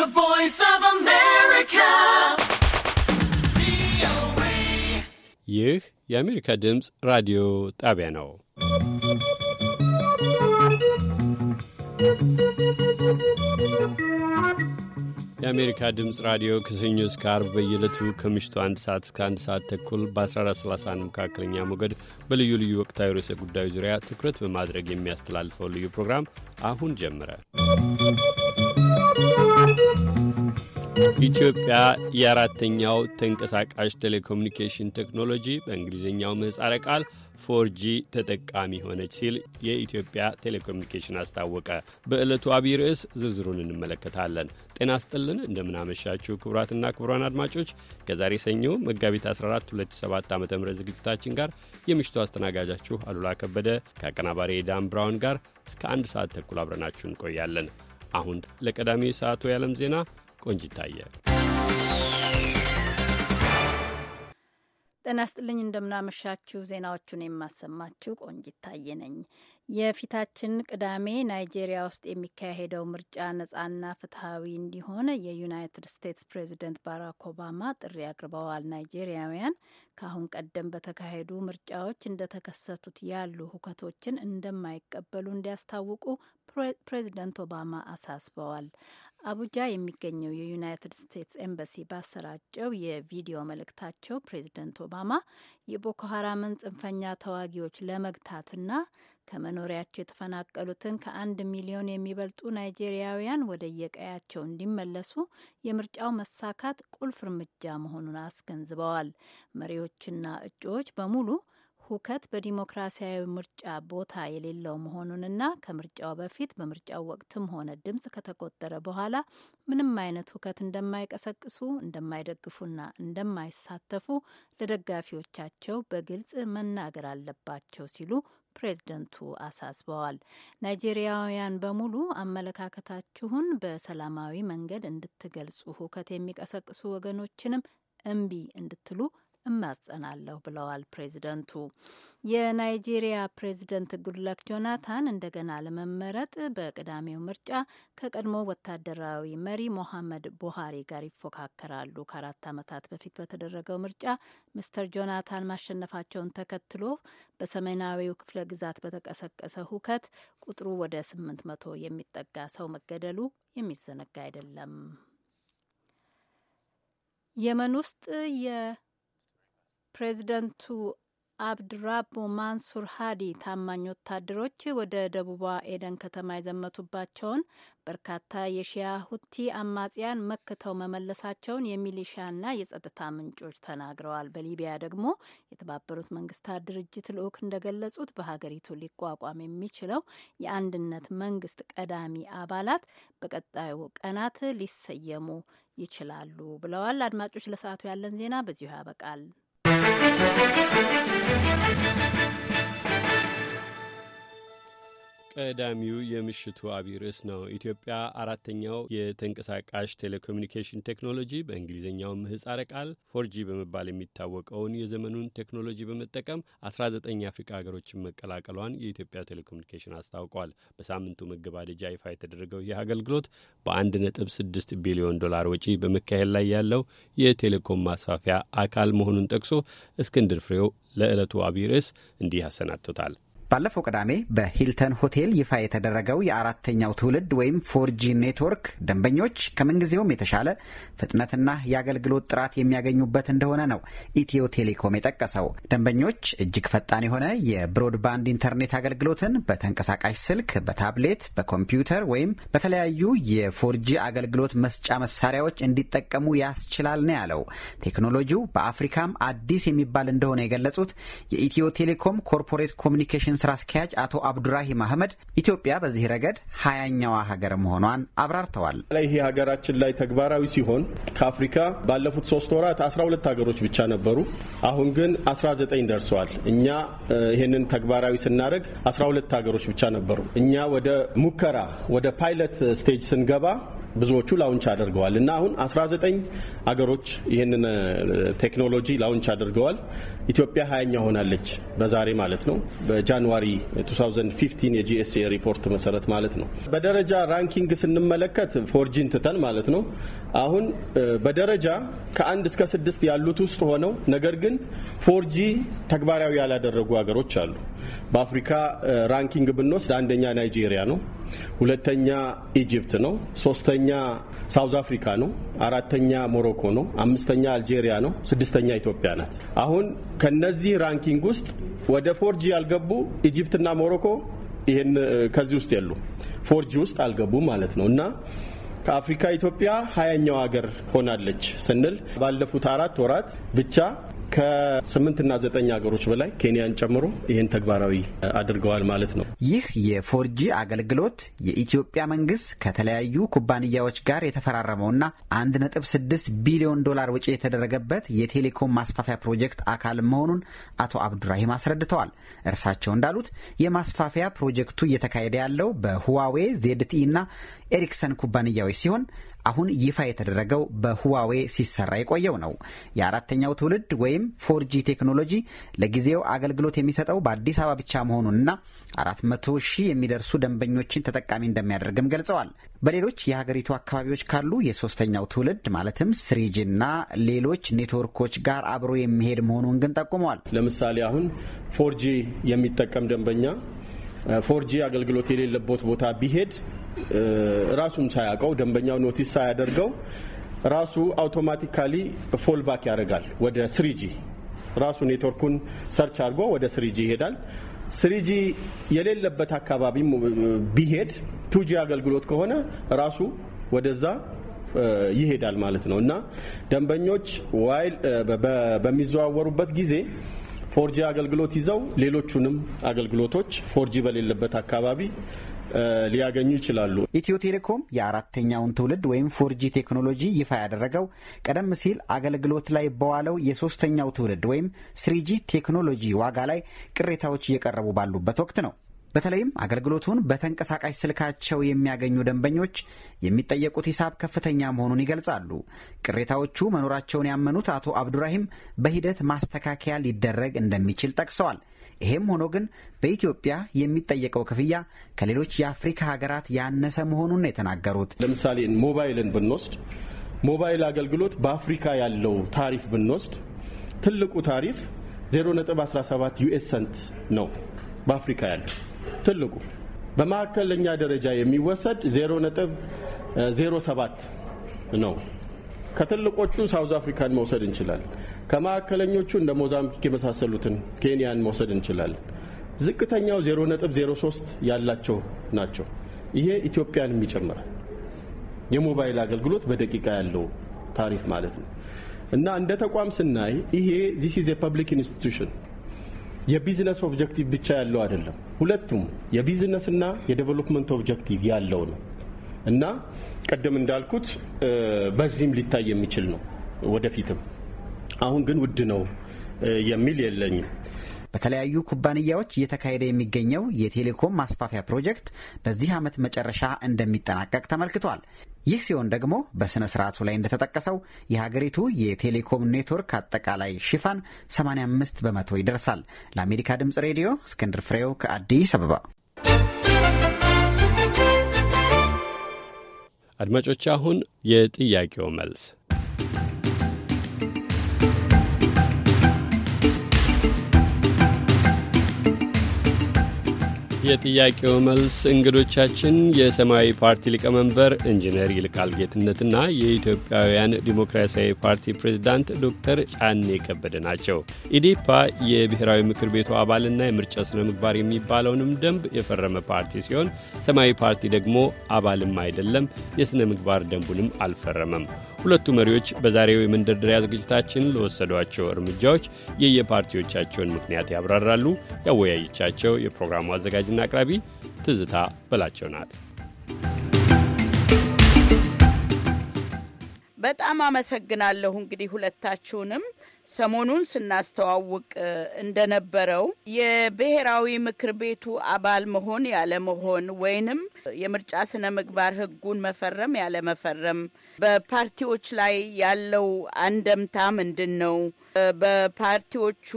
The voice of America. ይህ የአሜሪካ ድምፅ ራዲዮ ጣቢያ ነው። የአሜሪካ ድምፅ ራዲዮ ከሰኞ እስከ አርብ በየዕለቱ ከምሽቱ አንድ ሰዓት እስከ አንድ ሰዓት ተኩል በ1431 መካከለኛ ሞገድ በልዩ ልዩ ወቅታዊ ርዕሰ ጉዳዮች ዙሪያ ትኩረት በማድረግ የሚያስተላልፈው ልዩ ፕሮግራም አሁን ጀመረ። ኢትዮጵያ የአራተኛው ተንቀሳቃሽ ቴሌኮሙኒኬሽን ቴክኖሎጂ በእንግሊዝኛው ምህፃረ ቃል ፎርጂ ተጠቃሚ ሆነች ሲል የኢትዮጵያ ቴሌኮሙኒኬሽን አስታወቀ። በዕለቱ አብይ ርዕስ ዝርዝሩን እንመለከታለን። ጤና ስጥልን፣ እንደምናመሻችሁ ክቡራትና ክቡራን አድማጮች ከዛሬ ሰኞ መጋቢት 14 2007 ዓ ም ዝግጅታችን ጋር የምሽቱ አስተናጋጃችሁ አሉላ ከበደ ከአቀናባሪ ዳን ብራውን ጋር እስከ አንድ ሰዓት ተኩል አብረናችሁ እንቆያለን። አሁን ለቀዳሚው ሰዓቱ የዓለም ዜና ቆንጅ ይታያል። ጤና ስጥልኝ እንደምናመሻችሁ። ዜናዎቹን የማሰማችሁ ቆንጅ ይታየ ነኝ። የፊታችን ቅዳሜ ናይጄሪያ ውስጥ የሚካሄደው ምርጫ ነጻና ፍትሐዊ እንዲሆን የዩናይትድ ስቴትስ ፕሬዚደንት ባራክ ኦባማ ጥሪ አቅርበዋል። ናይጄሪያውያን ከአሁን ቀደም በተካሄዱ ምርጫዎች እንደተከሰቱት ያሉ ሁከቶችን እንደማይቀበሉ እንዲያስታውቁ ፕሬዚደንት ኦባማ አሳስበዋል። አቡጃ የሚገኘው የዩናይትድ ስቴትስ ኤምባሲ ባሰራጨው የቪዲዮ መልእክታቸው ፕሬዚደንት ኦባማ የቦኮ ሀራምን ጽንፈኛ ተዋጊዎች ለመግታትና ከመኖሪያቸው የተፈናቀሉትን ከአንድ ሚሊዮን የሚበልጡ ናይጄሪያውያን ወደ የቀያቸው እንዲመለሱ የምርጫው መሳካት ቁልፍ እርምጃ መሆኑን አስገንዝበዋል። መሪዎችና እጩዎች በሙሉ ሁከት በዲሞክራሲያዊ ምርጫ ቦታ የሌለው መሆኑንና ከምርጫው በፊት በምርጫው ወቅትም ሆነ ድምጽ ከተቆጠረ በኋላ ምንም አይነት ሁከት እንደማይቀሰቅሱ እንደማይደግፉና እንደማይሳተፉ ለደጋፊዎቻቸው በግልጽ መናገር አለባቸው ሲሉ ፕሬዝደንቱ አሳስበዋል። ናይጄሪያውያን በሙሉ አመለካከታችሁን በሰላማዊ መንገድ እንድትገልጹ፣ ሁከት የሚቀሰቅሱ ወገኖችንም እምቢ እንድትሉ እማጸናለሁ ብለዋል ፕሬዚደንቱ። የናይጄሪያ ፕሬዚደንት ጉድለክ ጆናታን እንደገና ለመመረጥ በቅዳሜው ምርጫ ከቀድሞ ወታደራዊ መሪ ሞሐመድ ቡሃሪ ጋር ይፎካከራሉ። ከአራት ዓመታት በፊት በተደረገው ምርጫ ሚስተር ጆናታን ማሸነፋቸውን ተከትሎ በሰሜናዊው ክፍለ ግዛት በተቀሰቀሰ ሁከት ቁጥሩ ወደ ስምንት መቶ የሚጠጋ ሰው መገደሉ የሚዘነጋ አይደለም። የመን ውስጥ የ ፕሬዚደንቱ አብድራቦ ማንሱር ሀዲ ታማኝ ወታደሮች ወደ ደቡቧ ኤደን ከተማ የዘመቱባቸውን በርካታ የሺያ ሁቲ አማጽያን መክተው መመለሳቸውን የሚሊሻና የጸጥታ ምንጮች ተናግረዋል። በሊቢያ ደግሞ የተባበሩት መንግስታት ድርጅት ልዑክ እንደገለጹት በሀገሪቱ ሊቋቋም የሚችለው የአንድነት መንግስት ቀዳሚ አባላት በቀጣዩ ቀናት ሊሰየሙ ይችላሉ ብለዋል። አድማጮች፣ ለሰዓቱ ያለን ዜና በዚሁ ያበቃል። フフフフフ。ቀዳሚው የምሽቱ አብይ ርዕስ ነው። ኢትዮጵያ አራተኛው የተንቀሳቃሽ ቴሌኮሚኒኬሽን ቴክኖሎጂ በእንግሊዝኛው ምህጻረ ቃል ፎርጂ በመባል የሚታወቀውን የዘመኑን ቴክኖሎጂ በመጠቀም 19 የአፍሪካ ሀገሮችን መቀላቀሏን የኢትዮጵያ ቴሌኮሚኒኬሽን አስታውቋል። በሳምንቱ መገባደጃ ይፋ የተደረገው ይህ አገልግሎት በ1.6 ቢሊዮን ዶላር ወጪ በመካሄድ ላይ ያለው የቴሌኮም ማስፋፊያ አካል መሆኑን ጠቅሶ እስክንድር ፍሬው ለዕለቱ አብይ ርዕስ እንዲህ አሰናድቶታል ባለፈው ቅዳሜ በሂልተን ሆቴል ይፋ የተደረገው የአራተኛው ትውልድ ወይም ፎርጂ ኔትወርክ ደንበኞች ከምንጊዜውም የተሻለ ፍጥነትና የአገልግሎት ጥራት የሚያገኙበት እንደሆነ ነው ኢትዮ ቴሌኮም የጠቀሰው። ደንበኞች እጅግ ፈጣን የሆነ የብሮድባንድ ኢንተርኔት አገልግሎትን በተንቀሳቃሽ ስልክ፣ በታብሌት፣ በኮምፒውተር ወይም በተለያዩ የፎርጂ አገልግሎት መስጫ መሳሪያዎች እንዲጠቀሙ ያስችላል ነው ያለው። ቴክኖሎጂው በአፍሪካም አዲስ የሚባል እንደሆነ የገለጹት የኢትዮ ቴሌኮም ኮርፖሬት ኮሚኒኬሽን ስራ አስኪያጅ አቶ አብዱራሂም አህመድ ኢትዮጵያ በዚህ ረገድ ሀያኛዋ ሀገር መሆኗን አብራርተዋል። ይሄ ሀገራችን ላይ ተግባራዊ ሲሆን ከአፍሪካ ባለፉት ሶስት ወራት 12 ሀገሮች ብቻ ነበሩ። አሁን ግን 19 ደርሰዋል። እኛ ይህንን ተግባራዊ ስናደርግ 12 ሀገሮች ብቻ ነበሩ። እኛ ወደ ሙከራ ወደ ፓይለት ስቴጅ ስንገባ ብዙዎቹ ላውንች አድርገዋል እና አሁን 19 አገሮች ይህንን ቴክኖሎጂ ላውንች አድርገዋል። ኢትዮጵያ ሀያኛ ሆናለች በዛሬ ማለት ነው። በጃንዋሪ 2015 የጂኤስኤ ሪፖርት መሰረት ማለት ነው። በደረጃ ራንኪንግ ስንመለከት ፎርጂን ትተን ማለት ነው። አሁን በደረጃ ከአንድ እስከ ስድስት ያሉት ውስጥ ሆነው ነገር ግን ፎርጂ ተግባራዊ ያላደረጉ ሀገሮች አሉ። በአፍሪካ ራንኪንግ ብንወስድ አንደኛ ናይጄሪያ ነው። ሁለተኛ ኢጅፕት ነው። ሶስተኛ ሳውዝ አፍሪካ ነው። አራተኛ ሞሮኮ ነው። አምስተኛ አልጄሪያ ነው። ስድስተኛ ኢትዮጵያ ናት። አሁን ከነዚህ ራንኪንግ ውስጥ ወደ ፎርጂ ያልገቡ ኢጅፕትና ሞሮኮ ይህን ከዚህ ውስጥ የሉ ፎርጂ ውስጥ አልገቡ ማለት ነው እና ከአፍሪካ ኢትዮጵያ ሀያኛው ሀገር ሆናለች ስንል ባለፉት አራት ወራት ብቻ ከስምንትና ዘጠኝ ሀገሮች በላይ ኬንያን ጨምሮ ይህን ተግባራዊ አድርገዋል ማለት ነው። ይህ የፎርጂ አገልግሎት የኢትዮጵያ መንግስት ከተለያዩ ኩባንያዎች ጋር የተፈራረመውና 1.6 ቢሊዮን ዶላር ወጪ የተደረገበት የቴሌኮም ማስፋፊያ ፕሮጀክት አካል መሆኑን አቶ አብዱራሂም አስረድተዋል። እርሳቸው እንዳሉት የማስፋፊያ ፕሮጀክቱ እየተካሄደ ያለው በሁዋዌ ዜድቲ ና ኤሪክሰን ኩባንያዎች ሲሆን አሁን ይፋ የተደረገው በሁዋዌ ሲሰራ የቆየው ነው። የአራተኛው ትውልድ ወይም ፎርጂ ቴክኖሎጂ ለጊዜው አገልግሎት የሚሰጠው በአዲስ አበባ ብቻ መሆኑንና አራት መቶ ሺህ የሚደርሱ ደንበኞችን ተጠቃሚ እንደሚያደርግም ገልጸዋል። በሌሎች የሀገሪቱ አካባቢዎች ካሉ የሶስተኛው ትውልድ ማለትም ስሪጅና ሌሎች ኔትወርኮች ጋር አብሮ የሚሄድ መሆኑን ግን ጠቁመዋል። ለምሳሌ አሁን ፎርጂ የሚጠቀም ደንበኛ ፎርጂ አገልግሎት የሌለበት ቦታ ቢሄድ ራሱም ሳያውቀው ደንበኛው ኖቲስ ሳያደርገው ራሱ አውቶማቲካሊ ፎልባክ ያደርጋል ወደ ስሪጂ ራሱ ኔትወርኩን ሰርች አድርጎ ወደ ስሪጂ ይሄዳል። ስሪጂ የሌለበት አካባቢ ቢሄድ ቱጂ አገልግሎት ከሆነ ራሱ ወደዛ ይሄዳል ማለት ነው እና ደንበኞች ዋይል በሚዘዋወሩበት ጊዜ ፎርጂ አገልግሎት ይዘው ሌሎቹንም አገልግሎቶች ፎርጂ በሌለበት አካባቢ ሊያገኙ ይችላሉ። ኢትዮ ቴሌኮም የአራተኛውን ትውልድ ወይም ፎርጂ ቴክኖሎጂ ይፋ ያደረገው ቀደም ሲል አገልግሎት ላይ በዋለው የሶስተኛው ትውልድ ወይም ስሪጂ ቴክኖሎጂ ዋጋ ላይ ቅሬታዎች እየቀረቡ ባሉበት ወቅት ነው። በተለይም አገልግሎቱን በተንቀሳቃሽ ስልካቸው የሚያገኙ ደንበኞች የሚጠየቁት ሂሳብ ከፍተኛ መሆኑን ይገልጻሉ። ቅሬታዎቹ መኖራቸውን ያመኑት አቶ አብዱራሂም በሂደት ማስተካከያ ሊደረግ እንደሚችል ጠቅሰዋል። ይህም ሆኖ ግን በኢትዮጵያ የሚጠየቀው ክፍያ ከሌሎች የአፍሪካ ሀገራት ያነሰ መሆኑን ነው የተናገሩት። ለምሳሌ ሞባይልን ብንወስድ ሞባይል አገልግሎት በአፍሪካ ያለው ታሪፍ ብንወስድ ትልቁ ታሪፍ 0.17 ዩኤስ ሰንት ነው። በአፍሪካ ያለው ትልቁ በመካከለኛ ደረጃ የሚወሰድ 0.07 ነው። ከትልቆቹ ሳውዝ አፍሪካን መውሰድ እንችላለን። ከማዕከለኞቹ እንደ ሞዛምቢክ የመሳሰሉትን ኬንያን መውሰድ እንችላለን። ዝቅተኛው 0.03 ያላቸው ናቸው። ይሄ ኢትዮጵያንም ይጨምራል። የሞባይል አገልግሎት በደቂቃ ያለው ታሪፍ ማለት ነው እና እንደ ተቋም ስናይ ይሄ ዚስ ኢዝ ኢንስቲቱሽን የቢዝነስ ኦብጀክቲቭ ብቻ ያለው አይደለም። ሁለቱም የቢዝነስና የዴቨሎፕመንት ኦብጀክቲቭ ያለው ነው እና ቅድም እንዳልኩት በዚህም ሊታይ የሚችል ነው ወደፊትም። አሁን ግን ውድ ነው የሚል የለኝም። በተለያዩ ኩባንያዎች እየተካሄደ የሚገኘው የቴሌኮም ማስፋፊያ ፕሮጀክት በዚህ ዓመት መጨረሻ እንደሚጠናቀቅ ተመልክቷል። ይህ ሲሆን ደግሞ በሥነ ሥርዓቱ ላይ እንደተጠቀሰው የሀገሪቱ የቴሌኮም ኔትወርክ አጠቃላይ ሽፋን 85 በመቶ ይደርሳል። ለአሜሪካ ድምፅ ሬዲዮ እስክንድር ፍሬው ከአዲስ አበባ አድማጮች፣ አሁን የጥያቄው መልስ የጥያቄው መልስ እንግዶቻችን የሰማያዊ ፓርቲ ሊቀመንበር ኢንጂነር ይልቃል ጌትነትና የኢትዮጵያውያን ዲሞክራሲያዊ ፓርቲ ፕሬዝዳንት ዶክተር ጫኔ ከበደ ናቸው። ኢዴፓ የብሔራዊ ምክር ቤቱ አባልና የምርጫ ስነ ምግባር የሚባለውንም ደንብ የፈረመ ፓርቲ ሲሆን ሰማያዊ ፓርቲ ደግሞ አባልም አይደለም፣ የስነ ምግባር ደንቡንም አልፈረመም። ሁለቱ መሪዎች በዛሬው የመንደርደሪያ ዝግጅታችን ለወሰዷቸው እርምጃዎች የየፓርቲዎቻቸውን ምክንያት ያብራራሉ። ያወያየቻቸው የፕሮግራሙ አዘጋጅና አቅራቢ ትዝታ በላቸው ናት። በጣም አመሰግናለሁ እንግዲህ ሁለታችሁንም ሰሞኑን ስናስተዋውቅ እንደነበረው የብሔራዊ ምክር ቤቱ አባል መሆን ያለመሆን ወይንም የምርጫ ስነ ምግባር ሕጉን መፈረም ያለመፈረም በፓርቲዎች ላይ ያለው አንደምታ ምንድን ነው? በፓርቲዎቹ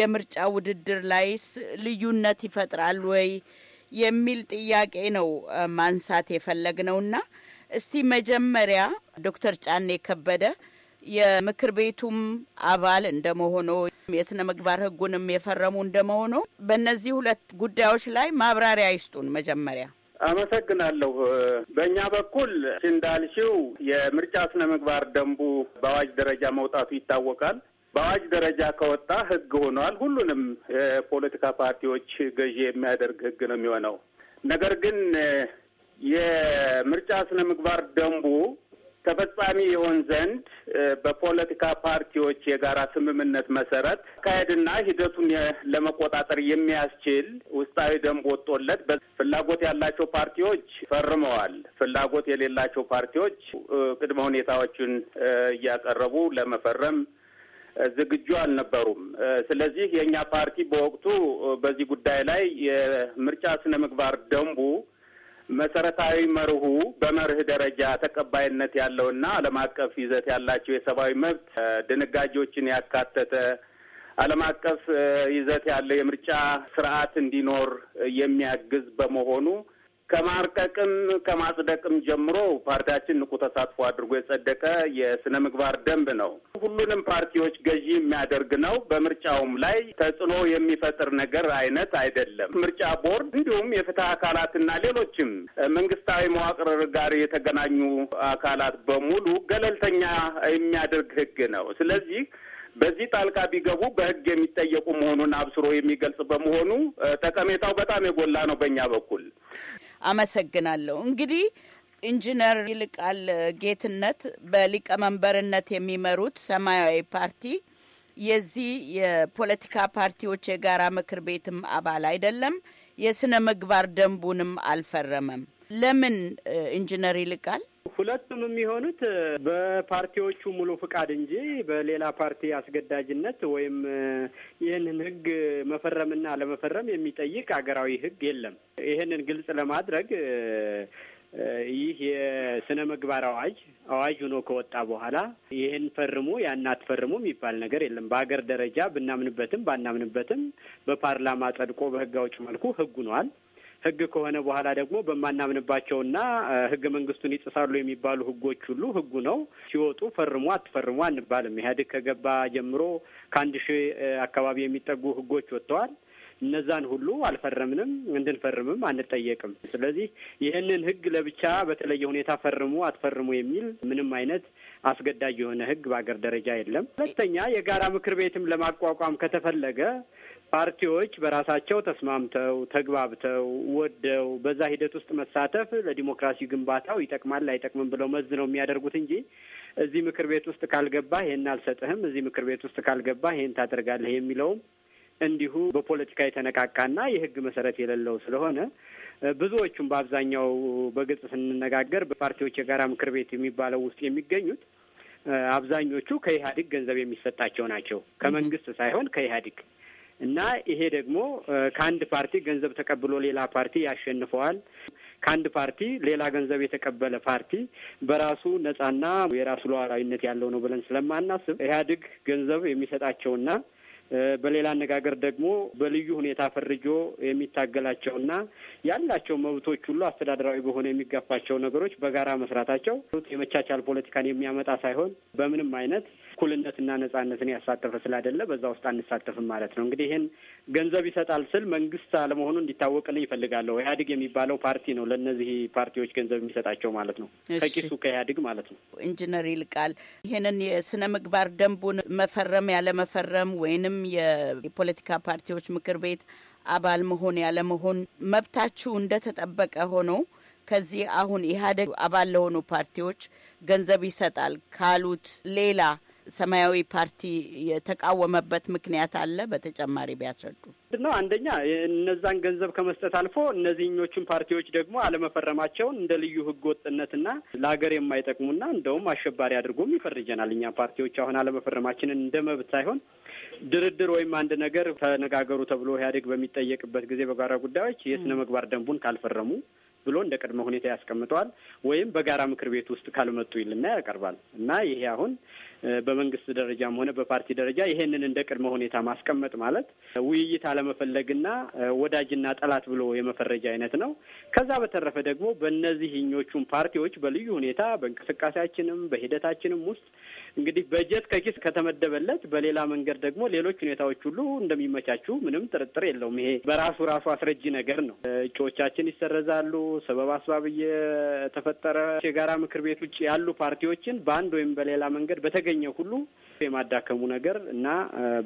የምርጫ ውድድር ላይስ ልዩነት ይፈጥራል ወይ የሚል ጥያቄ ነው ማንሳት ነውና እስቲ መጀመሪያ ዶክተር ጫኔ ከበደ የምክር ቤቱም አባል እንደመሆኖ የስነ ምግባር ህጉንም የፈረሙ እንደመሆኖ በእነዚህ ሁለት ጉዳዮች ላይ ማብራሪያ ይስጡን መጀመሪያ። አመሰግናለሁ። በእኛ በኩል እንዳልሽው የምርጫ ስነ ምግባር ደንቡ በአዋጅ ደረጃ መውጣቱ ይታወቃል። በአዋጅ ደረጃ ከወጣ ህግ ሆኗል። ሁሉንም የፖለቲካ ፓርቲዎች ገዢ የሚያደርግ ህግ ነው የሚሆነው። ነገር ግን የምርጫ ስነ ምግባር ደንቡ ተፈጻሚ ይሆን ዘንድ በፖለቲካ ፓርቲዎች የጋራ ስምምነት መሰረት አካሄድና ሂደቱን ለመቆጣጠር የሚያስችል ውስጣዊ ደንብ ወጥቶለት ፍላጎት ያላቸው ፓርቲዎች ፈርመዋል። ፍላጎት የሌላቸው ፓርቲዎች ቅድመ ሁኔታዎችን እያቀረቡ ለመፈረም ዝግጁ አልነበሩም። ስለዚህ የእኛ ፓርቲ በወቅቱ በዚህ ጉዳይ ላይ የምርጫ ስነ ምግባር ደንቡ መሰረታዊ መርሁ በመርህ ደረጃ ተቀባይነት ያለውና ዓለም አቀፍ ይዘት ያላቸው የሰብአዊ መብት ድንጋጆችን ያካተተ ዓለም አቀፍ ይዘት ያለው የምርጫ ስርዓት እንዲኖር የሚያግዝ በመሆኑ ከማርቀቅም ከማጽደቅም ጀምሮ ፓርቲያችን ንቁ ተሳትፎ አድርጎ የጸደቀ የስነ ምግባር ደንብ ነው። ሁሉንም ፓርቲዎች ገዢ የሚያደርግ ነው። በምርጫውም ላይ ተጽዕኖ የሚፈጥር ነገር አይነት አይደለም። ምርጫ ቦርድ እንዲሁም የፍትህ አካላትና ሌሎችም መንግስታዊ መዋቅር ጋር የተገናኙ አካላት በሙሉ ገለልተኛ የሚያደርግ ህግ ነው። ስለዚህ በዚህ ጣልቃ ቢገቡ በህግ የሚጠየቁ መሆኑን አብስሮ የሚገልጽ በመሆኑ ጠቀሜታው በጣም የጎላ ነው በእኛ በኩል። አመሰግናለሁ። እንግዲህ ኢንጂነር ይልቃል ጌትነት በሊቀመንበርነት የሚመሩት ሰማያዊ ፓርቲ የዚህ የፖለቲካ ፓርቲዎች የጋራ ምክር ቤትም አባል አይደለም፣ የስነ ምግባር ደንቡንም አልፈረመም። ለምን ኢንጂነር ይልቃል ሁለቱም የሚሆኑት በፓርቲዎቹ ሙሉ ፍቃድ እንጂ በሌላ ፓርቲ አስገዳጅነት ወይም ይህንን ህግ መፈረምና ለመፈረም የሚጠይቅ አገራዊ ህግ የለም። ይህንን ግልጽ ለማድረግ ይህ የስነ ምግባር አዋጅ አዋጅ ሆኖ ከወጣ በኋላ ይህን ፈርሙ ያን አትፈርሙ የሚባል ነገር የለም። በሀገር ደረጃ ብናምንበትም ባናምንበትም በፓርላማ ጸድቆ በህግ አውጭ መልኩ ህግ ነዋል። ህግ ከሆነ በኋላ ደግሞ በማናምንባቸውና ህገ መንግስቱን ይጥሳሉ የሚባሉ ህጎች ሁሉ ህጉ ነው ሲወጡ ፈርሙ አትፈርሙ አንባልም። ኢህአዴግ ከገባ ጀምሮ ከአንድ ሺህ አካባቢ የሚጠጉ ህጎች ወጥተዋል። እነዛን ሁሉ አልፈረምንም፣ እንድንፈርምም አንጠየቅም። ስለዚህ ይህንን ህግ ለብቻ በተለየ ሁኔታ ፈርሙ አትፈርሙ የሚል ምንም አይነት አስገዳጅ የሆነ ህግ በአገር ደረጃ የለም። ሁለተኛ የጋራ ምክር ቤትም ለማቋቋም ከተፈለገ ፓርቲዎች በራሳቸው ተስማምተው ተግባብተው ወደው በዛ ሂደት ውስጥ መሳተፍ ለዲሞክራሲ ግንባታው ይጠቅማል አይጠቅምም ብለው መዝ ነው የሚያደርጉት እንጂ እዚህ ምክር ቤት ውስጥ ካልገባ ይሄን አልሰጥህም፣ እዚህ ምክር ቤት ውስጥ ካልገባ ይሄን ታደርጋለህ የሚለውም እንዲሁ በፖለቲካ የተነቃቃና የህግ መሰረት የሌለው ስለሆነ ብዙዎቹም በአብዛኛው በግልጽ ስንነጋገር በፓርቲዎች የጋራ ምክር ቤት የሚባለው ውስጥ የሚገኙት አብዛኞቹ ከኢህአዴግ ገንዘብ የሚሰጣቸው ናቸው። ከመንግስት ሳይሆን ከኢህአዴግ እና ይሄ ደግሞ ከአንድ ፓርቲ ገንዘብ ተቀብሎ ሌላ ፓርቲ ያሸንፈዋል። ከአንድ ፓርቲ ሌላ ገንዘብ የተቀበለ ፓርቲ በራሱ ነጻና የራሱ ሉዓላዊነት ያለው ነው ብለን ስለማናስብ ኢህአዴግ ገንዘብ የሚሰጣቸውና በሌላ አነጋገር ደግሞ በልዩ ሁኔታ ፈርጆ የሚታገላቸውና ያላቸው መብቶች ሁሉ አስተዳደራዊ በሆነ የሚጋፋቸው ነገሮች በጋራ መስራታቸው የመቻቻል ፖለቲካን የሚያመጣ ሳይሆን በምንም አይነት እኩልነትና ነጻነትን ያሳተፈ ስላደለ በዛ ውስጥ አንሳተፍም ማለት ነው። እንግዲህ ይህን ገንዘብ ይሰጣል ስል መንግስት አለመሆኑ እንዲታወቅልኝ ይፈልጋለሁ። ኢህአዴግ የሚባለው ፓርቲ ነው ለእነዚህ ፓርቲዎች ገንዘብ የሚሰጣቸው ማለት ነው፣ ከኪሱ ከኢህአዴግ ማለት ነው። ኢንጂነር ይልቃል ይህንን የስነ ምግባር ደንቡን መፈረም ያለመፈረም ወይንም የፖለቲካ ፓርቲዎች ምክር ቤት አባል መሆን ያለመሆን መብታችሁ እንደተጠበቀ ሆኖ ከዚህ አሁን ኢህአዴግ አባል ለሆኑ ፓርቲዎች ገንዘብ ይሰጣል ካሉት ሌላ ሰማያዊ ፓርቲ የተቃወመበት ምክንያት አለ? በተጨማሪ ቢያስረዱ ነው። አንደኛ እነዛን ገንዘብ ከመስጠት አልፎ እነዚህኞቹን ፓርቲዎች ደግሞ አለመፈረማቸውን እንደ ልዩ ሕገ ወጥነትና ለሀገር የማይጠቅሙና እንደውም አሸባሪ አድርጎም ይፈርጀናል። እኛ ፓርቲዎች አሁን አለመፈረማችንን እንደ መብት ሳይሆን ድርድር ወይም አንድ ነገር ተነጋገሩ ተብሎ ኢህአዴግ በሚጠየቅበት ጊዜ በጋራ ጉዳዮች የስነ ምግባር ደንቡን ካልፈረሙ ብሎ እንደ ቅድመ ሁኔታ ያስቀምጠዋል። ወይም በጋራ ምክር ቤት ውስጥ ካልመጡ ይልና ያቀርባል እና ይሄ አሁን በመንግስት ደረጃም ሆነ በፓርቲ ደረጃ ይሄንን እንደ ቅድመ ሁኔታ ማስቀመጥ ማለት ውይይት አለመፈለግና ወዳጅና ጠላት ብሎ የመፈረጅ አይነት ነው። ከዛ በተረፈ ደግሞ በእነዚህኞቹን ፓርቲዎች በልዩ ሁኔታ በእንቅስቃሴያችንም በሂደታችንም ውስጥ እንግዲህ በጀት ከኪስ ከተመደበለት በሌላ መንገድ ደግሞ ሌሎች ሁኔታዎች ሁሉ እንደሚመቻቹ ምንም ጥርጥር የለውም። ይሄ በራሱ ራሱ አስረጂ ነገር ነው። እጩዎቻችን ይሰረዛሉ። ሰበብ አስባብ እየተፈጠረ የጋራ ምክር ቤት ውጭ ያሉ ፓርቲዎችን በአንድ ወይም በሌላ መንገድ በተገ የተገኘ ሁሉ የማዳከሙ ነገር እና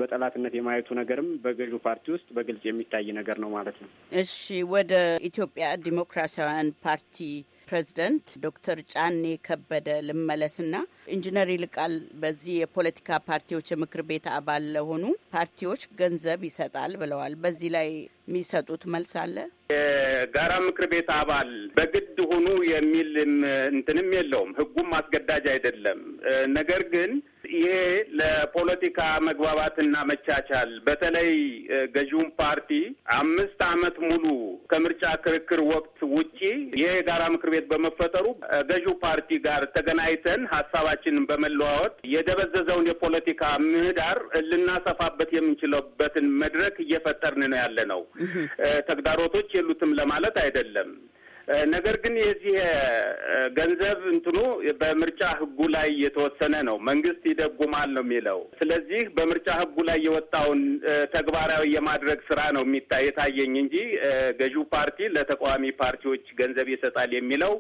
በጠላትነት የማየቱ ነገርም በገዢው ፓርቲ ውስጥ በግልጽ የሚታይ ነገር ነው ማለት ነው። እሺ፣ ወደ ኢትዮጵያ ዲሞክራሲያውያን ፓርቲ ፕሬዝደንት ዶክተር ጫኔ ከበደ ልመለስና ኢንጂነር ይልቃል በዚህ የፖለቲካ ፓርቲዎች የምክር ቤት አባል ለሆኑ ፓርቲዎች ገንዘብ ይሰጣል ብለዋል። በዚህ ላይ የሚሰጡት መልስ አለ? የጋራ ምክር ቤት አባል በግድ ሁኑ የሚል እንትንም የለውም። ህጉም አስገዳጅ አይደለም። ነገር ግን ይሄ ለፖለቲካ መግባባትና መቻቻል በተለይ ገዥውን ፓርቲ አምስት ዓመት ሙሉ ከምርጫ ክርክር ወቅት ውጪ ይሄ የጋራ ምክር ቤት በመፈጠሩ ገዢው ፓርቲ ጋር ተገናኝተን ሀሳባችንን በመለዋወጥ የደበዘዘውን የፖለቲካ ምህዳር ልናሰፋበት የምንችለበትን መድረክ እየፈጠርን ነው ያለ ነው። ተግዳሮቶች የሉትም ለማለት አይደለም። ነገር ግን የዚህ ገንዘብ እንትኑ በምርጫ ህጉ ላይ የተወሰነ ነው። መንግስት ይደጉማል ነው የሚለው። ስለዚህ በምርጫ ህጉ ላይ የወጣውን ተግባራዊ የማድረግ ስራ ነው የሚታ የታየኝ እንጂ ገዢው ፓርቲ ለተቃዋሚ ፓርቲዎች ገንዘብ ይሰጣል የሚለው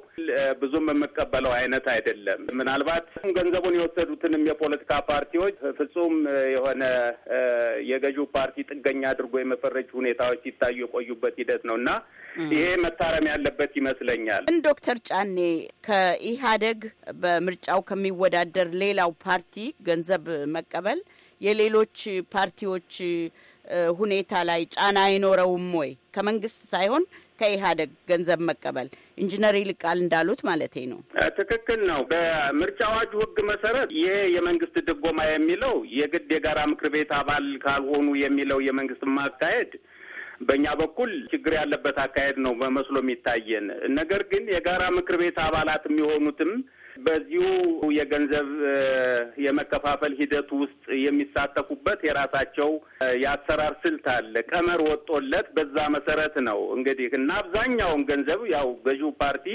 ብዙም የምቀበለው አይነት አይደለም። ምናልባት ገንዘቡን የወሰዱትንም የፖለቲካ ፓርቲዎች ፍጹም የሆነ የገዢው ፓርቲ ጥገኛ አድርጎ የመፈረጅ ሁኔታዎች ሲታዩ የቆዩበት ሂደት ነው እና ይሄ መታረም ያለበት ይመስለኛል። እን ዶክተር ጫኔ ከኢህአደግ በምርጫው ከሚወዳደር ሌላው ፓርቲ ገንዘብ መቀበል የሌሎች ፓርቲዎች ሁኔታ ላይ ጫና አይኖረውም ወይ? ከመንግስት ሳይሆን ከኢህአደግ ገንዘብ መቀበል ኢንጂነር ይልቃል እንዳሉት ማለት ነው። ትክክል ነው። በምርጫ አዋጁ ሕግ መሰረት ይሄ የመንግስት ድጎማ የሚለው የግድ የጋራ ምክር ቤት አባል ካልሆኑ የሚለው የመንግስት ማካሄድ በእኛ በኩል ችግር ያለበት አካሄድ ነው በመስሎ የሚታየን። ነገር ግን የጋራ ምክር ቤት አባላት የሚሆኑትም በዚሁ የገንዘብ የመከፋፈል ሂደት ውስጥ የሚሳተፉበት የራሳቸው የአሰራር ስልት አለ። ቀመር ወጦለት በዛ መሰረት ነው እንግዲህ እና አብዛኛውን ገንዘብ ያው ገዢው ፓርቲ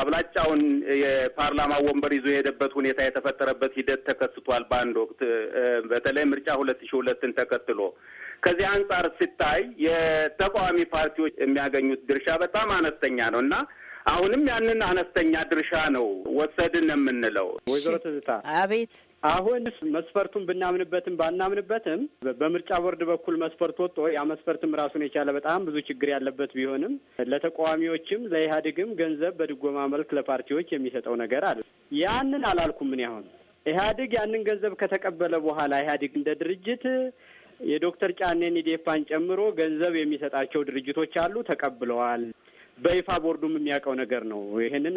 አብላጫውን የፓርላማ ወንበር ይዞ የሄደበት ሁኔታ የተፈጠረበት ሂደት ተከስቷል። በአንድ ወቅት በተለይ ምርጫ ሁለት ሺ ሁለትን ተከትሎ ከዚህ አንጻር ሲታይ የተቃዋሚ ፓርቲዎች የሚያገኙት ድርሻ በጣም አነስተኛ ነው እና አሁንም ያንን አነስተኛ ድርሻ ነው ወሰድን የምንለው። ወይዘሮ ትዝታ አቤት። አሁን መስፈርቱን ብናምንበትም ባናምንበትም በምርጫ ቦርድ በኩል መስፈርት ወጥቶ ያ መስፈርትም ራሱን የቻለ በጣም ብዙ ችግር ያለበት ቢሆንም ለተቃዋሚዎችም ለኢህአዴግም ገንዘብ በድጎማ መልክ ለፓርቲዎች የሚሰጠው ነገር አለ። ያንን አላልኩም። ምን ያሁን ኢህአዴግ ያንን ገንዘብ ከተቀበለ በኋላ ኢህአዴግ እንደ ድርጅት የዶክተር ጫኔን ኢዴፓን ጨምሮ ገንዘብ የሚሰጣቸው ድርጅቶች አሉ፣ ተቀብለዋል። በይፋ ቦርዱም የሚያውቀው ነገር ነው። ይህንን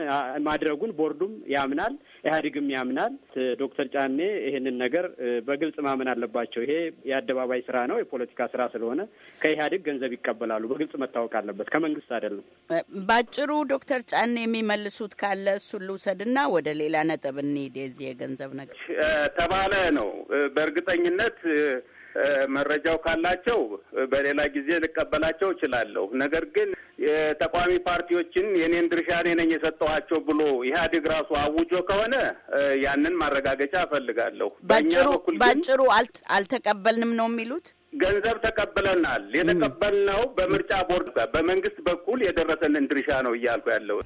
ማድረጉን ቦርዱም ያምናል፣ ኢህአዴግም ያምናል። ዶክተር ጫኔ ይህንን ነገር በግልጽ ማመን አለባቸው። ይሄ የአደባባይ ስራ ነው፣ የፖለቲካ ስራ ስለሆነ ከኢህአዴግ ገንዘብ ይቀበላሉ። በግልጽ መታወቅ አለበት፣ ከመንግስት አይደለም። ባጭሩ ዶክተር ጫኔ የሚመልሱት ካለ እሱን ልውሰድና ወደ ሌላ ነጥብ እንሂድ። የዚህ የገንዘብ ነገር ተባለ ነው በእርግጠኝነት መረጃው ካላቸው በሌላ ጊዜ ልቀበላቸው እችላለሁ። ነገር ግን የተቃዋሚ ፓርቲዎችን የኔን ድርሻ እኔ ነኝ የሰጠኋቸው ብሎ ኢህአዴግ ራሱ አውጆ ከሆነ ያንን ማረጋገጫ እፈልጋለሁ። ባጭሩ ባጭሩ አልተቀበልንም ነው የሚሉት። ገንዘብ ተቀብለናል። የተቀበልነው በምርጫ ቦርድ በመንግስት በኩል የደረሰንን ድርሻ ነው እያልኩ ያለው።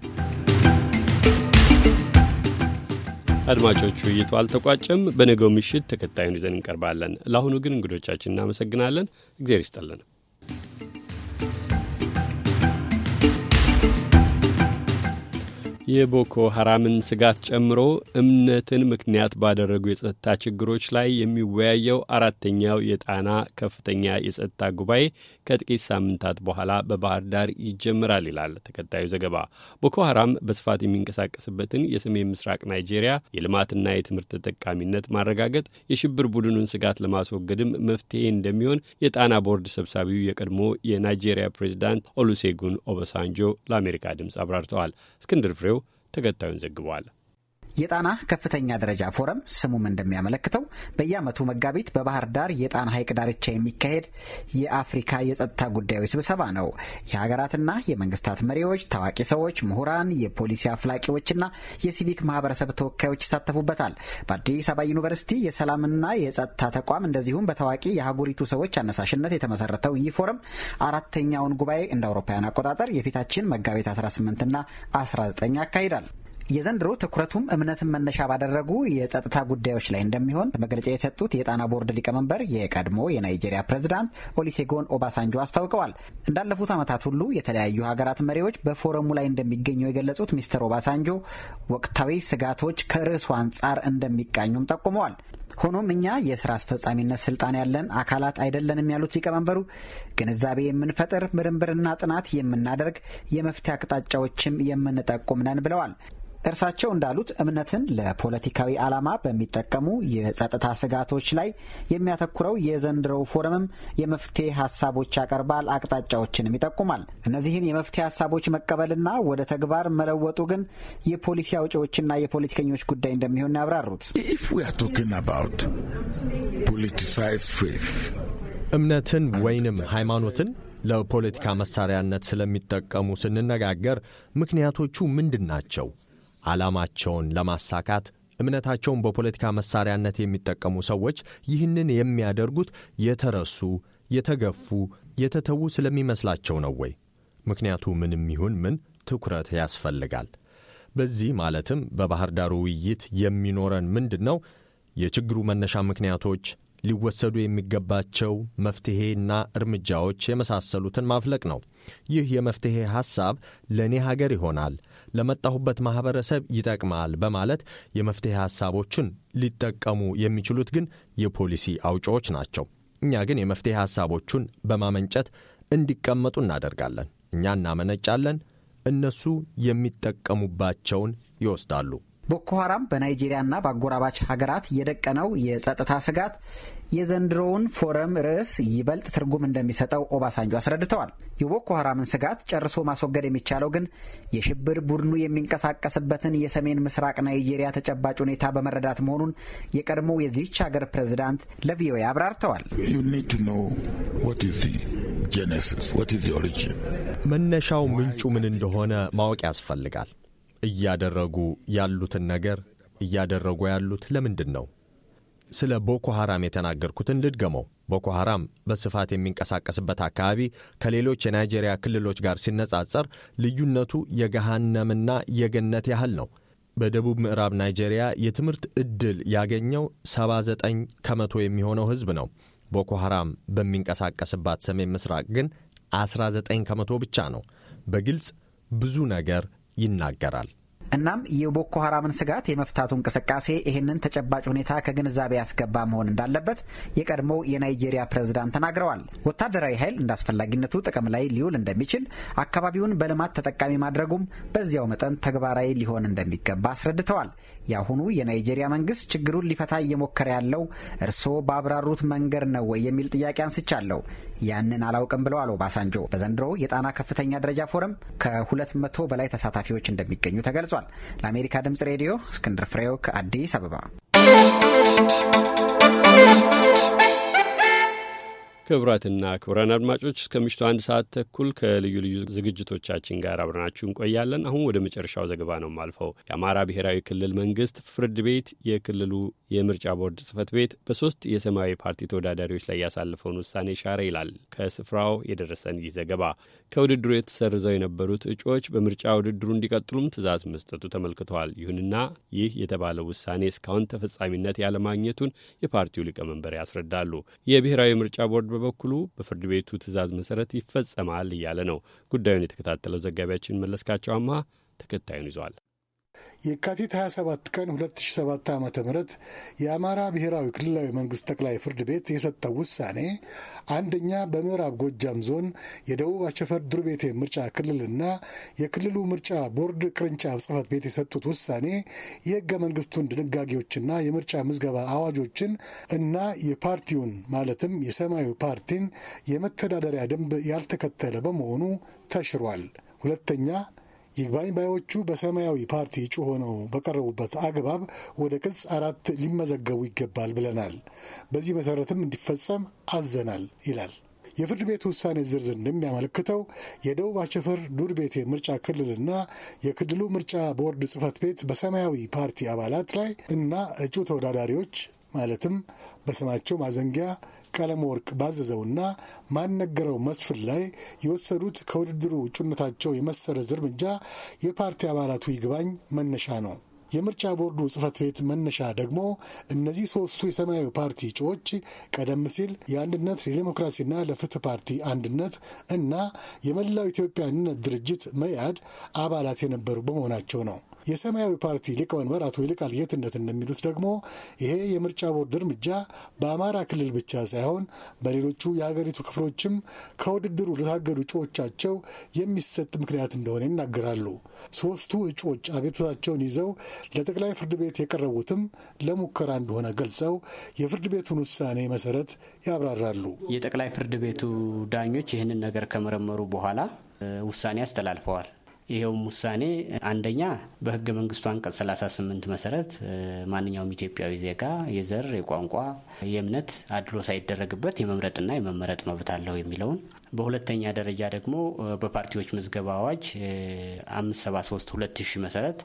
አድማጮቹ ውይይቱ አልተቋጨም። በነገው ምሽት ተከታዩን ይዘን እንቀርባለን። ለአሁኑ ግን እንግዶቻችን እናመሰግናለን። እግዜር ይስጠልን። የቦኮ ሐራምን ስጋት ጨምሮ እምነትን ምክንያት ባደረጉ የጸጥታ ችግሮች ላይ የሚወያየው አራተኛው የጣና ከፍተኛ የጸጥታ ጉባኤ ከጥቂት ሳምንታት በኋላ በባህር ዳር ይጀምራል ይላል ተከታዩ ዘገባ። ቦኮ ሐራም በስፋት የሚንቀሳቀስበትን የሰሜን ምስራቅ ናይጄሪያ የልማትና የትምህርት ተጠቃሚነት ማረጋገጥ፣ የሽብር ቡድኑን ስጋት ለማስወገድም መፍትሄ እንደሚሆን የጣና ቦርድ ሰብሳቢው የቀድሞ የናይጄሪያ ፕሬዚዳንት ኦሉሴጉን ኦበሳንጆ ለአሜሪካ ድምፅ አብራርተዋል። እስክንድር ፍሬው ተከታዩን ዘግቧል። የጣና ከፍተኛ ደረጃ ፎረም ስሙም እንደሚያመለክተው በየዓመቱ መጋቢት በባህር ዳር የጣና ሐይቅ ዳርቻ የሚካሄድ የአፍሪካ የጸጥታ ጉዳዮች ስብሰባ ነው። የሀገራትና የመንግስታት መሪዎች፣ ታዋቂ ሰዎች፣ ምሁራን፣ የፖሊሲ አፍላቂዎችና የሲቪክ ማህበረሰብ ተወካዮች ይሳተፉበታል። በአዲስ አበባ ዩኒቨርሲቲ የሰላምና የጸጥታ ተቋም እንደዚሁም በታዋቂ የአህጉሪቱ ሰዎች አነሳሽነት የተመሰረተው ይህ ፎረም አራተኛውን ጉባኤ እንደ አውሮፓውያን አቆጣጠር የፊታችን መጋቢት 18ና 19 ያካሂዳል። የዘንድሮ ትኩረቱም እምነትን መነሻ ባደረጉ የጸጥታ ጉዳዮች ላይ እንደሚሆን መግለጫ የሰጡት የጣና ቦርድ ሊቀመንበር የቀድሞ የናይጄሪያ ፕሬዝዳንት ኦሊሴጎን ኦባሳንጆ አስታውቀዋል። እንዳለፉት ዓመታት ሁሉ የተለያዩ ሀገራት መሪዎች በፎረሙ ላይ እንደሚገኙ የገለጹት ሚስተር ኦባሳንጆ ወቅታዊ ስጋቶች ከርዕሱ አንጻር እንደሚቃኙም ጠቁመዋል። ሆኖም እኛ የስራ አስፈጻሚነት ስልጣን ያለን አካላት አይደለንም ያሉት ሊቀመንበሩ ግንዛቤ የምንፈጥር ምርምርና ጥናት የምናደርግ የመፍትሄ አቅጣጫዎችም የምንጠቁም ነን ብለዋል። እርሳቸው እንዳሉት እምነትን ለፖለቲካዊ ዓላማ በሚጠቀሙ የጸጥታ ስጋቶች ላይ የሚያተኩረው የዘንድሮው ፎረምም የመፍትሄ ሀሳቦች ያቀርባል፣ አቅጣጫዎችንም ይጠቁማል። እነዚህን የመፍትሄ ሀሳቦች መቀበልና ወደ ተግባር መለወጡ ግን የፖሊሲ አውጪዎችና የፖለቲከኞች ጉዳይ እንደሚሆን ያብራሩት እምነትን ወይንም ሃይማኖትን ለፖለቲካ መሳሪያነት ስለሚጠቀሙ ስንነጋገር ምክንያቶቹ ምንድን ናቸው? ዓላማቸውን ለማሳካት እምነታቸውን በፖለቲካ መሳሪያነት የሚጠቀሙ ሰዎች ይህንን የሚያደርጉት የተረሱ፣ የተገፉ፣ የተተዉ ስለሚመስላቸው ነው ወይ? ምክንያቱ ምንም ይሁን ምን ትኩረት ያስፈልጋል። በዚህ ማለትም በባህር ዳሩ ውይይት የሚኖረን ምንድን ነው? የችግሩ መነሻ ምክንያቶች፣ ሊወሰዱ የሚገባቸው መፍትሔና እርምጃዎች የመሳሰሉትን ማፍለቅ ነው። ይህ የመፍትሔ ሐሳብ ለእኔ ሀገር ይሆናል ለመጣሁበት ማህበረሰብ ይጠቅማል በማለት የመፍትሄ ሐሳቦችን ሊጠቀሙ የሚችሉት ግን የፖሊሲ አውጪዎች ናቸው። እኛ ግን የመፍትሄ ሐሳቦቹን በማመንጨት እንዲቀመጡ እናደርጋለን። እኛ እናመነጫለን፣ እነሱ የሚጠቀሙባቸውን ይወስዳሉ። ቦኮ ሀራም በናይጄሪያና በአጎራባች ሀገራት የደቀነው የጸጥታ ስጋት የዘንድሮውን ፎረም ርዕስ ይበልጥ ትርጉም እንደሚሰጠው ኦባሳንጆ አስረድተዋል። የቦኮ ሀራምን ስጋት ጨርሶ ማስወገድ የሚቻለው ግን የሽብር ቡድኑ የሚንቀሳቀስበትን የሰሜን ምስራቅ ናይጄሪያ ተጨባጭ ሁኔታ በመረዳት መሆኑን የቀድሞው የዚህች ሀገር ፕሬዝዳንት ለቪኦኤ አብራርተዋል። መነሻው ምንጩ ምን እንደሆነ ማወቅ ያስፈልጋል። እያደረጉ ያሉትን ነገር እያደረጉ ያሉት ለምንድን ነው? ስለ ቦኮ ሐራም የተናገርኩትን ልድገመው። ቦኮ ሐራም በስፋት የሚንቀሳቀስበት አካባቢ ከሌሎች የናይጄሪያ ክልሎች ጋር ሲነጻጸር ልዩነቱ የገሃነምና የገነት ያህል ነው። በደቡብ ምዕራብ ናይጄሪያ የትምህርት ዕድል ያገኘው 79 ከመቶ የሚሆነው ሕዝብ ነው። ቦኮ ሐራም በሚንቀሳቀስባት ሰሜን ምስራቅ ግን 19 ከመቶ ብቻ ነው። በግልጽ ብዙ ነገር ይናገራል። እናም የቦኮ ሀራምን ስጋት የመፍታቱ እንቅስቃሴ ይህንን ተጨባጭ ሁኔታ ከግንዛቤ ያስገባ መሆን እንዳለበት የቀድሞው የናይጄሪያ ፕሬዝዳንት ተናግረዋል። ወታደራዊ ኃይል እንደ አስፈላጊነቱ ጥቅም ላይ ሊውል እንደሚችል፣ አካባቢውን በልማት ተጠቃሚ ማድረጉም በዚያው መጠን ተግባራዊ ሊሆን እንደሚገባ አስረድተዋል። የአሁኑ የናይጄሪያ መንግስት ችግሩን ሊፈታ እየሞከረ ያለው እርስዎ ባብራሩት መንገድ ነው ወይ የሚል ጥያቄ አንስቻለሁ። ያንን አላውቅም ብለዋል ኦባሳንጆ። በዘንድሮ የጣና ከፍተኛ ደረጃ ፎረም ከሁለት መቶ በላይ ተሳታፊዎች እንደሚገኙ ተገልጿል። ለአሜሪካ ድምጽ ሬዲዮ እስክንድር ፍሬው ከአዲስ አበባ ክቡራትና ክቡራን አድማጮች እስከ ምሽቱ አንድ ሰዓት ተኩል ከልዩ ልዩ ዝግጅቶቻችን ጋር አብረናችሁ እንቆያለን። አሁን ወደ መጨረሻው ዘገባ ነው የማልፈው። የአማራ ብሔራዊ ክልል መንግስት ፍርድ ቤት የክልሉ የምርጫ ቦርድ ጽህፈት ቤት በሶስት የሰማያዊ ፓርቲ ተወዳዳሪዎች ላይ ያሳለፈውን ውሳኔ ሻረ ይላል ከስፍራው የደረሰን ይህ ዘገባ። ከውድድሩ የተሰርዘው የነበሩት እጩዎች በምርጫ ውድድሩ እንዲቀጥሉም ትዕዛዝ መስጠቱ ተመልክተዋል። ይሁንና ይህ የተባለው ውሳኔ እስካሁን ተፈጻሚነት ያለማግኘቱን የፓርቲው ሊቀመንበር ያስረዳሉ። የብሔራዊ ምርጫ ቦርድ በበኩሉ በፍርድ ቤቱ ትዕዛዝ መሠረት ይፈጸማል እያለ ነው። ጉዳዩን የተከታተለው ዘጋቢያችን መለስካቸው አምሃ ተከታዩን ይዟል። የካቲት 27 ቀን 2007 ዓ ም የአማራ ብሔራዊ ክልላዊ መንግሥት ጠቅላይ ፍርድ ቤት የሰጠው ውሳኔ አንደኛ በምዕራብ ጎጃም ዞን የደቡብ አቸፈር ቤቴ ምርጫ ክልልና የክልሉ ምርጫ ቦርድ ቅርንጫፍ ጽህፈት ቤት የሰጡት ውሳኔ የህገ መንግስቱን ድንጋጌዎችና የምርጫ ምዝገባ አዋጆችን እና የፓርቲውን ማለትም የሰማያዊ ፓርቲን የመተዳደሪያ ደንብ ያልተከተለ በመሆኑ ተሽሯል። ሁለተኛ ይግባኝ ባዮቹ በሰማያዊ ፓርቲ እጩ ሆነው በቀረቡበት አግባብ ወደ ቅጽ አራት ሊመዘገቡ ይገባል ብለናል። በዚህ መሰረትም እንዲፈጸም አዘናል ይላል። የፍርድ ቤት ውሳኔ ዝርዝር እንደሚያመለክተው የደቡብ አቸፈር ዱር ቤቴ ምርጫ ክልልና የክልሉ ምርጫ ቦርድ ጽህፈት ቤት በሰማያዊ ፓርቲ አባላት ላይ እና እጩ ተወዳዳሪዎች ማለትም በስማቸው ማዘንጊያ ቀለም ወርቅ ባዘዘውና ማነገረው መስፍን ላይ የወሰዱት ከውድድሩ እጩነታቸው የመሰረዝ እርምጃ የፓርቲ አባላቱ ይግባኝ መነሻ ነው። የምርጫ ቦርዱ ጽህፈት ቤት መነሻ ደግሞ እነዚህ ሶስቱ የሰማያዊ ፓርቲ እጩዎች ቀደም ሲል የአንድነት ለዲሞክራሲና ለፍትህ ፓርቲ አንድነት እና የመላው ኢትዮጵያ አንድነት ድርጅት መያድ አባላት የነበሩ በመሆናቸው ነው። የሰማያዊ ፓርቲ ሊቀመንበር አቶ ይልቃል ጌትነት እንደሚሉት ደግሞ ይሄ የምርጫ ቦርድ እርምጃ በአማራ ክልል ብቻ ሳይሆን በሌሎቹ የሀገሪቱ ክፍሎችም ከውድድሩ ለታገዱ እጩዎቻቸው የሚሰጥ ምክንያት እንደሆነ ይናገራሉ። ሶስቱ እጩዎች አቤቱታቸውን ይዘው ለጠቅላይ ፍርድ ቤት የቀረቡትም ለሙከራ እንደሆነ ገልጸው የፍርድ ቤቱን ውሳኔ መሰረት ያብራራሉ። የጠቅላይ ፍርድ ቤቱ ዳኞች ይህንን ነገር ከመረመሩ በኋላ ውሳኔ አስተላልፈዋል። ይሄውም ውሳኔ አንደኛ በህገ መንግስቱ አንቀጽ 38 መሰረት ማንኛውም ኢትዮጵያዊ ዜጋ የዘር፣ የቋንቋ፣ የእምነት አድሎ ሳይደረግበት የመምረጥና የመመረጥ መብት አለው የሚለውን በሁለተኛ ደረጃ ደግሞ በፓርቲዎች ምዝገባ አዋጅ 573 ሰባ መሰረት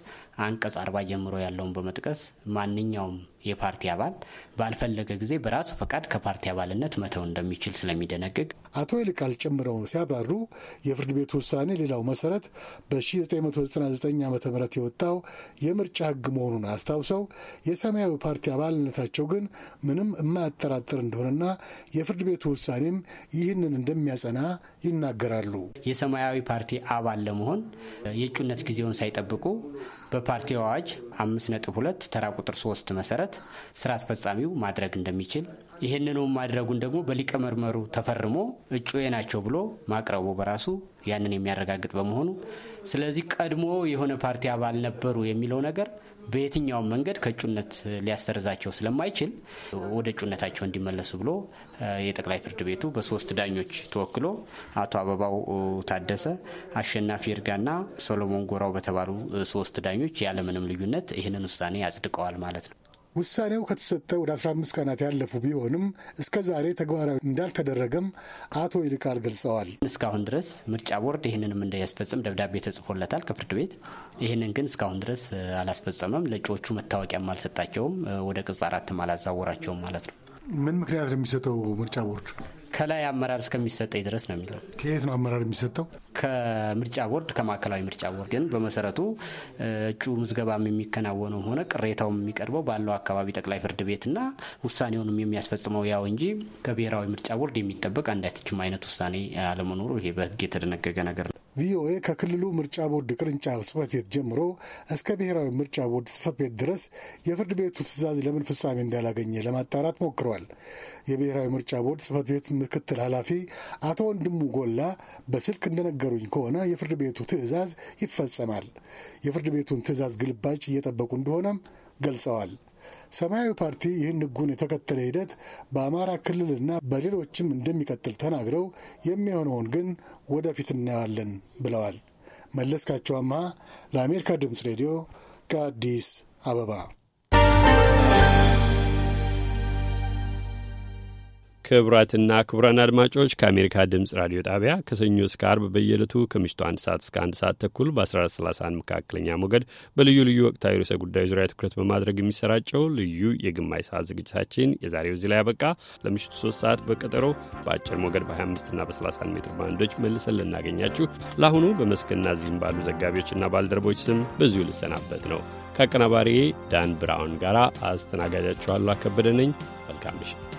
አንቀጽ አርባ ጀምሮ ያለውን በመጥቀስ ማንኛውም የፓርቲ አባል ባልፈለገ ጊዜ በራሱ ፈቃድ ከፓርቲ አባልነት መተው እንደሚችል ስለሚደነግግ አቶ ይልቃል ጨምረው ሲያብራሩ የፍርድ ቤቱ ውሳኔ ሌላው መሰረት በ1999 ዓ ም የወጣው የምርጫ ህግ መሆኑን አስታውሰው የሰማያዊ ፓርቲ አባልነታቸው ግን ምንም የማያጠራጥር እንደሆነና የፍርድ ቤቱ ውሳኔም ይህንን እንደሚያጸ እንደገና ይናገራሉ። የሰማያዊ ፓርቲ አባል ለመሆን የእጩነት ጊዜውን ሳይጠብቁ በፓርቲው አዋጅ ሁለት ተራ ቁጥር ሶስት መሰረት ስራ አስፈጻሚው ማድረግ እንደሚችል ይህንኑ ማድረጉን ደግሞ በሊቀመርመሩ ተፈርሞ እጩዬ ናቸው ብሎ ማቅረቡ በራሱ ያንን የሚያረጋግጥ በመሆኑ ስለዚህ ቀድሞ የሆነ ፓርቲ አባል ነበሩ የሚለው ነገር በየትኛውም መንገድ ከእጩነት ሊያሰርዛቸው ስለማይችል ወደ እጩነታቸው እንዲመለሱ ብሎ የጠቅላይ ፍርድ ቤቱ በሶስት ዳኞች ተወክሎ አቶ አበባው ታደሰ፣ አሸናፊ እርጋና፣ ሶሎሞን ጎራው በተባሉ ሶስት ዳኞች ያለምንም ልዩነት ይህንን ውሳኔ አጽድቀዋል ማለት ነው። ውሳኔው ከተሰጠ ወደ 15 ቀናት ያለፉ ቢሆንም እስከ ዛሬ ተግባራዊ እንዳልተደረገም አቶ ይልቃል ገልጸዋል። እስካሁን ድረስ ምርጫ ቦርድ ይህንንም እንዳያስፈጽም ደብዳቤ ተጽፎለታል ከፍርድ ቤት። ይህንን ግን እስካሁን ድረስ አላስፈጸመም። ለእጩዎቹ መታወቂያም አልሰጣቸውም፣ ወደ ቅጽ አራትም አላዛወራቸውም ማለት ነው። ምን ምክንያት ነው የሚሰጠው ምርጫ ቦርድ? ከላይ አመራር እስከሚሰጠኝ ድረስ ነው የሚለው። ከየት ነው አመራር የሚሰጠው? ከምርጫ ቦርድ ከማዕከላዊ ምርጫ ቦርድ ግን በመሰረቱ እጩ ምዝገባም የሚከናወነው ሆነ ቅሬታውም የሚቀርበው ባለው አካባቢ ጠቅላይ ፍርድ ቤትና ውሳኔውንም የሚያስፈጽመው ያው እንጂ ከብሔራዊ ምርጫ ቦርድ የሚጠበቅ አንዳችም አይነት ውሳኔ አለመኖሩ ይሄ በህግ የተደነገገ ነገር ነው። ቪኦኤ ከክልሉ ምርጫ ቦርድ ቅርንጫፍ ጽፈት ቤት ጀምሮ እስከ ብሔራዊ ምርጫ ቦርድ ጽፈት ቤት ድረስ የፍርድ ቤቱ ትዕዛዝ ለምን ፍጻሜ እንዳላገኘ ለማጣራት ሞክሯል። የብሔራዊ ምርጫ ቦርድ ጽፈት ቤት ምክትል ኃላፊ አቶ ወንድሙ ጎላ በስልክ እንደነገ እንደነገሩኝ ከሆነ የፍርድ ቤቱ ትዕዛዝ ይፈጸማል። የፍርድ ቤቱን ትዕዛዝ ግልባጭ እየጠበቁ እንደሆነም ገልጸዋል። ሰማያዊ ፓርቲ ይህን ሕጉን የተከተለ ሂደት በአማራ ክልልና በሌሎችም እንደሚቀጥል ተናግረው የሚሆነውን ግን ወደፊት እናየዋለን ብለዋል። መለስካቸው አማሃ ለአሜሪካ ድምፅ ሬዲዮ ከአዲስ አበባ ክቡራትና ክቡራን አድማጮች ከአሜሪካ ድምፅ ራዲዮ ጣቢያ ከሰኞ እስከ አርብ በየዕለቱ ከምሽቱ አንድ ሰዓት እስከ አንድ ሰዓት ተኩል በ1431 መካከለኛ ሞገድ በልዩ ልዩ ወቅታዊ ርዕሰ ጉዳዮች ዙሪያ ትኩረት በማድረግ የሚሰራጨው ልዩ የግማሽ ሰዓት ዝግጅታችን የዛሬው እዚህ ላይ ያበቃ። ለምሽቱ ሶስት ሰዓት በቀጠሮ በአጭር ሞገድ በ25ና በ31 ሜትር ባንዶች መልሰን ልናገኛችሁ። ለአሁኑ በመስክና እዚህም ባሉ ዘጋቢዎችና ባልደረቦች ስም በዚሁ ልሰናበት ነው ከአቀናባሪ ዳን ብራውን ጋር አስተናጋጃችኋለሁ። አከበደ ነኝ። መልካም ምሽት።